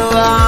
you are.